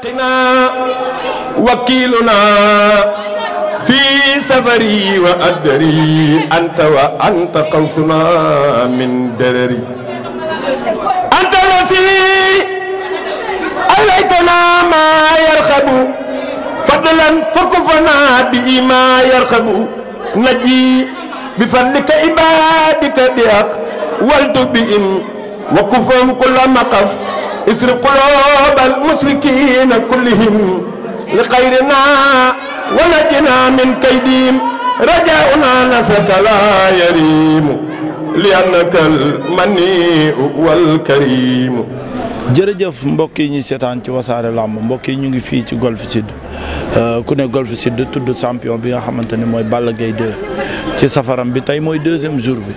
حقنا وكيلنا في سفري وأدري أنت وأنت قوسنا من درري أنت الذي أليتنا ما يرخب فضلا فكفنا به ما يرخب نجي بفضلك عبادك بحق والتبئم وكفهم كل مقف اسر قلوب المشركين كلهم لخيرنا ونجنا من كيدهم رجاؤنا نصرك لا يريم لأنك المنيء والكريم jërëjëf mbokk yi ñuy seetaan ci wasaare làmb mbokk yi ñu ngi fii ci golf sud euh, ku ne golf sud tudd champion bi nga xamante ni mooy Balla Gaye 2 ci safaram bi tey mooy deuxième jour bi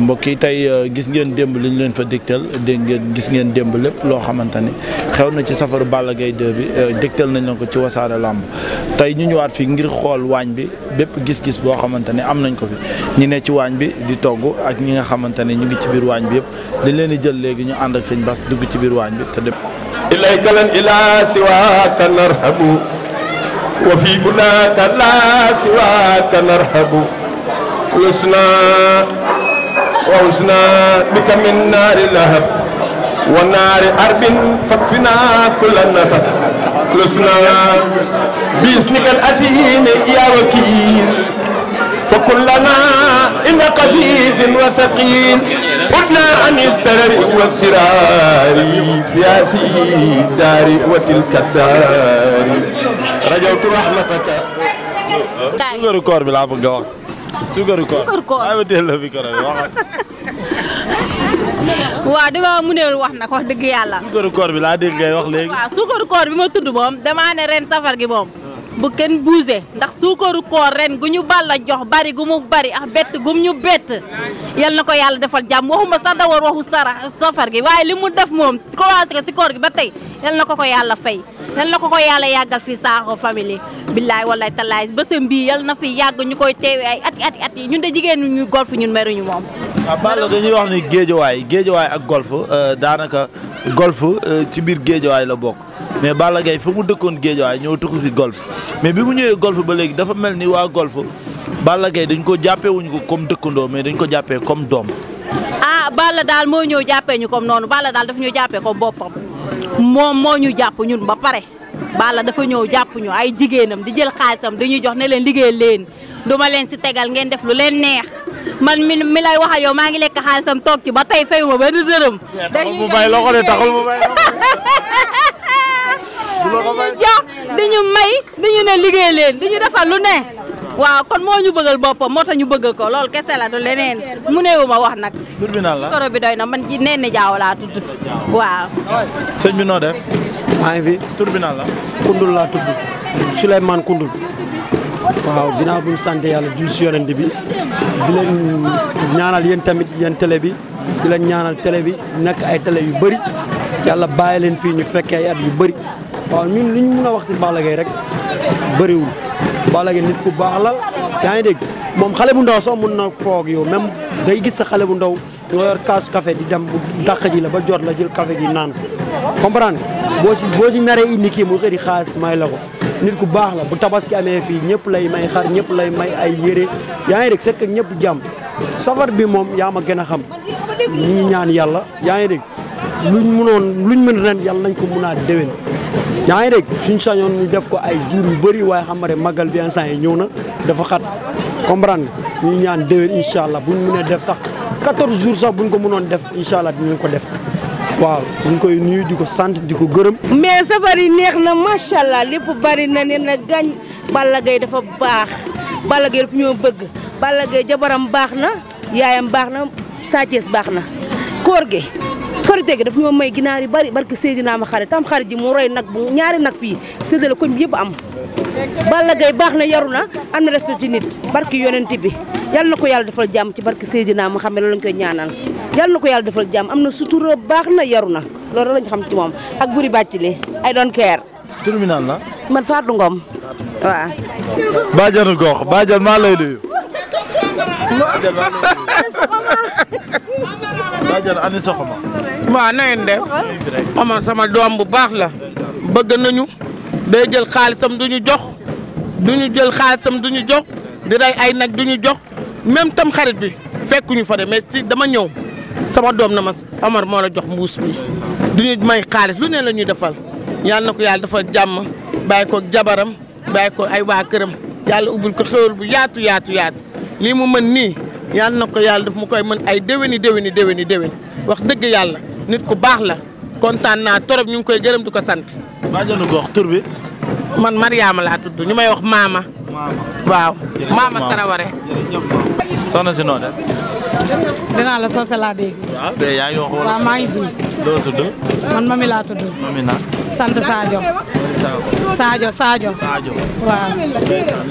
mbokk yi tey euh, gis ngeen démb li ñu leen fa dégtal dégg ngeen gis ngeen démb lépp loo xamante ni xew na ci safaru Balla Gaye 2 bi euh, dégtal nañ leen ko ci wasaare làmb tey ñu ñëwaat fii ngir xool waañ bi bépp gis-gis boo xamante ne am nañ ko fi ñu ne ci waañ bi di togg ak ñi nga xamante ne ñu ngi ci biir waañ bi yëpp dañ leen di jël léegi ñu ànd ak sëñ Bass dugg ci biir waañ bi te dem ilayka lan ilaa siwaaka narhabu wa fii bunaaka laa siwaaka narhabu lusna وعوزنا بك من نار اللهب ونار أرب فاكفنا كل النسب لسنا باسمك الأثيم يا وكيل فكلنا إن خفيف وثقيل قلنا عن السرر والسرار في هذه الدار وتلك الدار رجوت رحمتك. Koor bi laa bëgg a wax. suukaru koor suukaru koor aywa bi wax waaw dama dëgg yàlla. suukaru bi laa dégg ngay wax léegi. waaw koor bi ma tudd moom damaa ne ren safar gi moom. bu kenn bougé ndax suukaru koor ren gu ñu balla jox bari gu mu bari ak bett gum ñu bett yal na ko yàlla defal jàmm waxuma sax da war waxu sara safar gi waaye li mu def moom commencé ko si koor gi ba tey yal na ko ko yàlla fay yal na ko ko yàlla yàggal fii Sakho famille billaay wallaay talaay ba bii yal na fi yàgg ñu koy teewee ay at at at yi ñun de jigéen ñu golf ñun meruñu moom waaw ah, Balla dañuy wax ni géejawaay géejawaay ak golf euh, daanaka golf euh, ci biir géejawaay la bokk mais Balla Gaye fa mu dëkkoon Géejawaay ñëw tuxu fi golf mais bi mu ñëwee golf ba léegi dafa mel ni waa golf Balla Gaye dañ ko jàppee wuñ ko comme dëkkandoo mais dañ ko jàppee comme doom. ah Balla daal moo ñëw jàppee ñu comme noonu Balla daal dafa ñëw jàppee comme boppam moom moo ñu jàpp ñun ba pare Balla dafa ñëw jàpp ñu ay jigéenam di jël xaalisam dañuy jox ne leen liggéey leen duma leen si tegal ngeen def lu leen neex. man mi mi lay wax ak yow maa ngi lekk xaalisam toog ci ba tey fayuma benn dërëm. dañuy jox dañu may dañu ne liggéey leen dañu defal lu ne waaw kon moo ñu bëggal boppam moo tax ñu bëgg ko loolu kese la du leneen mu néewu ma wax nag. tur bi naan la koro bi doy na man ji nee na jaaw laa tudd. la. Koundoul laa tudd waaw ginnaaw bu ñu sant yàlla jul si yonent bi di leen ñaanal yéen tamit yéen télé bi di leen ñaanal télé bi nekk ay télé yu bëri yàlla bàyyi leen fii ñu fekkee ay yu bëri. waaw ñun liñ mun a wax si Balla rek bëriwul Balla nit ku baax la yaa ngi dégg moom xale bu ndaw soo mun na foog yow même day gis sa xale bu ndaw nga yor kaas café di dem bu dàq ji la ba jot la jël kafe gi naan comprendre boo si boo si naree indi kii mu xëri xaalis may la ko nit ku baax la bu tabas ki amee fii ñëpp lay may xar ñëpp lay may ay yére yaa ngi dégg sekk ñëpp jàmm safar bi moom yaa ma gën a xam ñu ñaan yàlla yaa ngi dégg luñ mënoon luñ mën ren yàlla nañ ko mënaat déwén yaa ngi dégg suñ sañoon ñu def ko ay jur yu bëri waaye xam nga màggal bi instant yi ñëw na dafa xat comprendre nga ñu ñaan déwén incha allah buñ mënee def sax 14 jours sax buñ ko mënoon def incha allah dinañ ko def waaw buñ koy nuyu di ko sant di ko gërëm. mais safar yi neex na macha allah lépp bari na ne na gañ Balla Gaye dafa baax Balla Gaye dafa ñoo bëgg Balla Gaye jabaram baax na yaayam baax na Sa baax na koor gi. korite gi daf ñoo may ginaar yu bari barki Seydina ma xare tam xare ji mu roy nag ñaari nag fii séddale koñ bi yëpp am Balla Gaye baax na yaru na am na respect ci nit barki yonent bi yal na ko yàlla defal jàmm ci barki Seydina ma xam ne loolu lañ koy ñaanal yal na ko yàlla defal jàmm am na sutura baax na yaru na loolu lañ xam ci moom ak buri bàcc li I don't care tur bi naan la man Fatou Ngom waaw bajanu gox bajan maa lay bàjjan ani soxma. waaw na ngeen def. Omar sama doom bu baax la. bëgg nañu. day jël xaalisam du ñu jox. du ñu jël xaalisam du ñu jox. di rey ay nag du ñu jox. même tam xarit bi. fekkuñu fa de mais si dama ñëw. sama doom na ma Omar moo la jox mbuus mi du ñu may xaalis lu ne la ñuy defal. yàlla na ko yàlla dafa jàmm. bàyyi ko jabaram. bàyyi ko ay waa këram. yàlla ubbil ko bu yaatu yaatu yaatu. lii mu mën nii. yal na ko yàlla daf mu koy mën ay déwéni déwéni déwéni déwéni wax dëgg yàlla nit ku baax la kontaan naa torop ñu koy gërëm di ko sant. baajanu man Mariama laa tudd ñu may wax maama. maama waaw. maama Taraware. soxna si noo dinaa la soose laa dégg. waaw yaa ngi wax wala. waaw maa ngi tudd. man mami laa tudd. sant saajo Sadio saajo Sadio. waaw.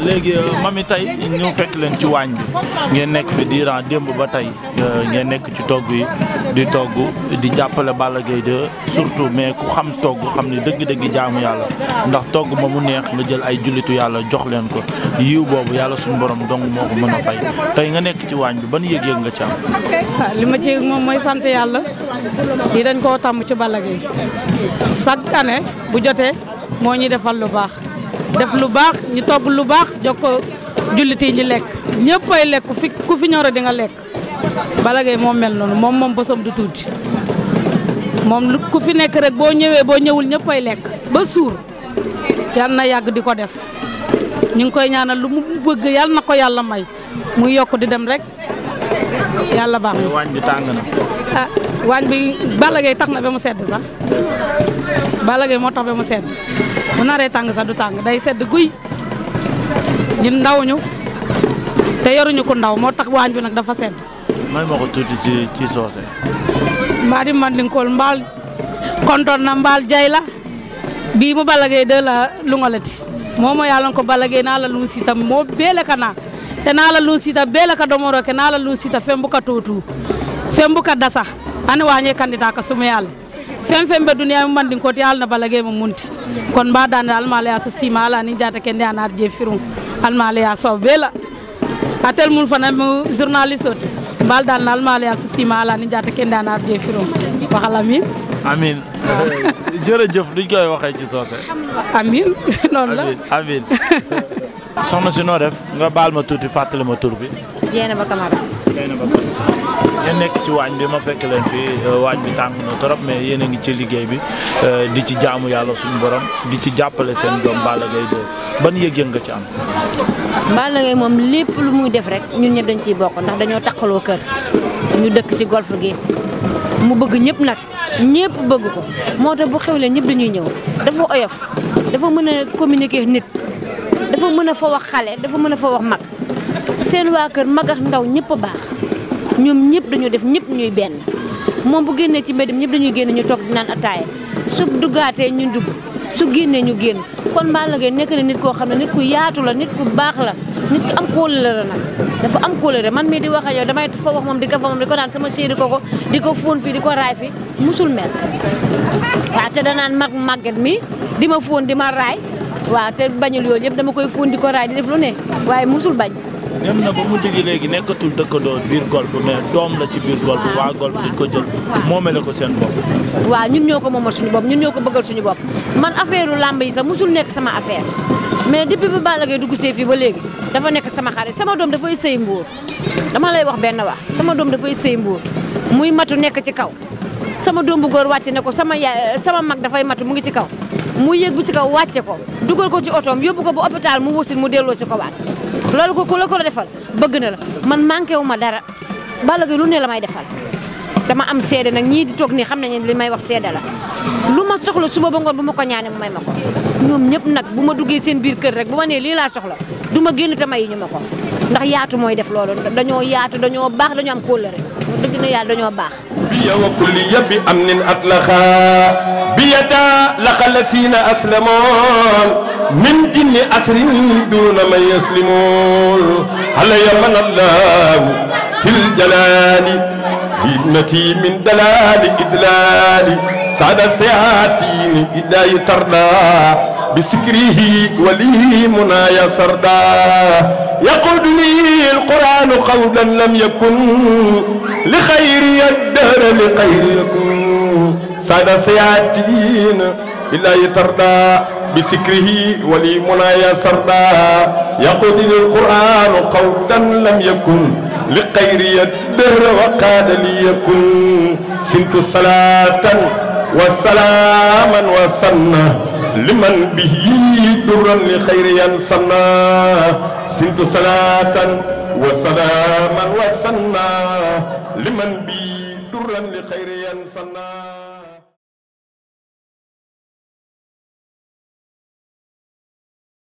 léegi euh, mami tey ñu fekk leen ci waañ bi ngeen nekk fi diiraa démb ba tey euh, ngeen nekk ci togg yi di togg di jàppale Balla Gaye 2 surtout mais ku xam togg xam ne dëgg-dëgg jaamu yàlla ndax togg ma mu neex nga jël ay jullitu yàlla jox leen ko yiw boobu yàlla suñu borom dong moo ko mën a fay tey nga nekk ci waañ bi ban yëg-yëg nga ci am. Ah, li ma ci moom mooy sant yàlla yi dañ koo tàmm ci Balla chaque année bu jotee moo ñuy defal lu baax def lu baax ñu togg lu baax jox ko jullit yi ñu lekk ñëpp ay lekk ku fi ku fi ñoro di nga lekk Balla Gaye mel noonu moom moom bosam du tuuti moom ku fi nekk rek boo ñëwee boo ñëwul ñëpp ay lekk ba suur yal na yàgg di ko def ñu ngi koy ñaanal lu mu bëgg yal na ko yàlla may mu yokk di dem rek yàlla baax na. waañ bi tàng na. Ah. waañ bi Balla tax na ba mu sedd sax Balla moo tax ba mu sedd bu naree tàng sax du tàng day sedd guy ñun ndaw ñu te yoruñu ko ndaw moo tax waañ bi nag dafa sedd. may ma ko tuuti ci ci soose. mbaa mandinkool mbaal kontoon na mbaal jay la bii mu Balla Gaye de la lu moo momo yalon ko Balla Gaye naala luusita mo beele kana te naala luusita beele ka domoro ke naala luusita fembuka tuutu fembuka dasa an wañe candidat ka sumayala fen fen ɓe duniya mi mandin koti alna balage mo munti kono mbadande almalaya so sima ala ni jata kende an ar je firum almalaya sow beela a tel mum fana mo journaliste ote mbaldan na almalaya so sima ala ni jata kende an ar je firum waxal amin amin jërëjëf duñ koy waxee ci soose amin noonu la amin soxna noo def nga baal ma tuuti fàttali ma tur bi Dieynaba Camara yéen nekk ci waañ bi ma fekk leen fii euh, waañ bi tàng na trop mais yéen ngi ci liggéey bi euh, di ci jaamu yàlla suñu borom di ci jàppale seen doom Balla Gaye 2 ban yëg-yëg nga ci am. Balla Gaye moom lépp lu muy def rek ñun ñëpp dañ ciy bokk ndax dañoo takkaloo kër ñu dëkk ci golf gi mu bëgg ñëpp nag ñëpp bëgg ko moo tax bu xewlee ñëpp dañuy ñëw dafa oyof dafa mën a communiquer nit dafa mën a fa wax xale dafa mën a fa wax mag. seen waa kër mag ak ndaw ñëpp baax ñoom ñëpp dañu def ñëpp ñuy benn moom bu génnee ci mbedd ñëpp dañuy génn ñu toog di naan ataaya su duggaatee ñu dugg su génnee ñu génn kon Balla Gaye nekk na nit koo xam ne nit ku yaatu la nit ku baax la nit ku am kóolare la dafa am kóolare man mii di wax ak yow damay fa moom di ko fa moom di ko naan sama chéri koko di ko fóon fii di ko raay fi musul mel waaw te danaan mag màgget mi di ma fóon di ma raay waaw te bañul yooyu yëpp dama koy fóon di ko raay di def lu ne waaye musul bañ dem na ba mu jigi léegi nekkatul dëkkandoo biir golf mais doom la ci biir golf waa golf dañ ko jël moomele ko seen bopp waaw ñun ñëw ko moomal suñu bopp ñun ñoo ko bëggal suñu bopp man affaire u làmb yi sax musul nekk sama affaire mais depuis ba Balla Gaye dugg see fii ba léegi dafa nekk sama xarit sama doom dafay sëy mbuur dama lay wax benn wax sama doom dafay sëy mbuur muy matu nekk ci kaw sama doom bu góor wàcce ne ko sama yaay sama mag dafay matu mu ngi ci kaw mu yéeg ci kaw wàcce ko dugal ko ci otoom yóbbu ko ba hôpital mu mu delloo ci ko loolu ko ku la ko defal bëgg na la man manqué wu ma dara Balla Gaye lu ne la may defal dama am seede nag ñii di toog nii xam nañu li may wax seede la lu ma soxla suba ba ngoon bu ma ko ñaanee may ma ko ñoom ñëpp nag bu ma duggee seen biir kër rek bu ma nee lii laa soxla du ma génn te mayu ñu ko ndax yaatu mooy def loolu dañoo yaatu dañoo baax dañoo am kóllëre dëgg na yàlla dañoo baax bi wa kulli bi am nin atlaxa bi yata laqa la siina aslamoon من جن أسر دون من يسلمون علي من الله في الجلال بإذنتي من دلال إدلال سعد سياتين إلا يتردى بسكره ولي منا يسردى يقود لي القرآن قولا لم يكن لخير الدهر لخير يكون سعد سياتين إلا يتردى بسكره ولي منايا سردا يقود القرآن قودا لم يكن لقيري الدهر وقاد لي يكن سنت صلاة وسلاما وسنة لمن به درا لخير ينصنا سنت صلاة وسلاما وسنة لمن به درا لخير ينصنا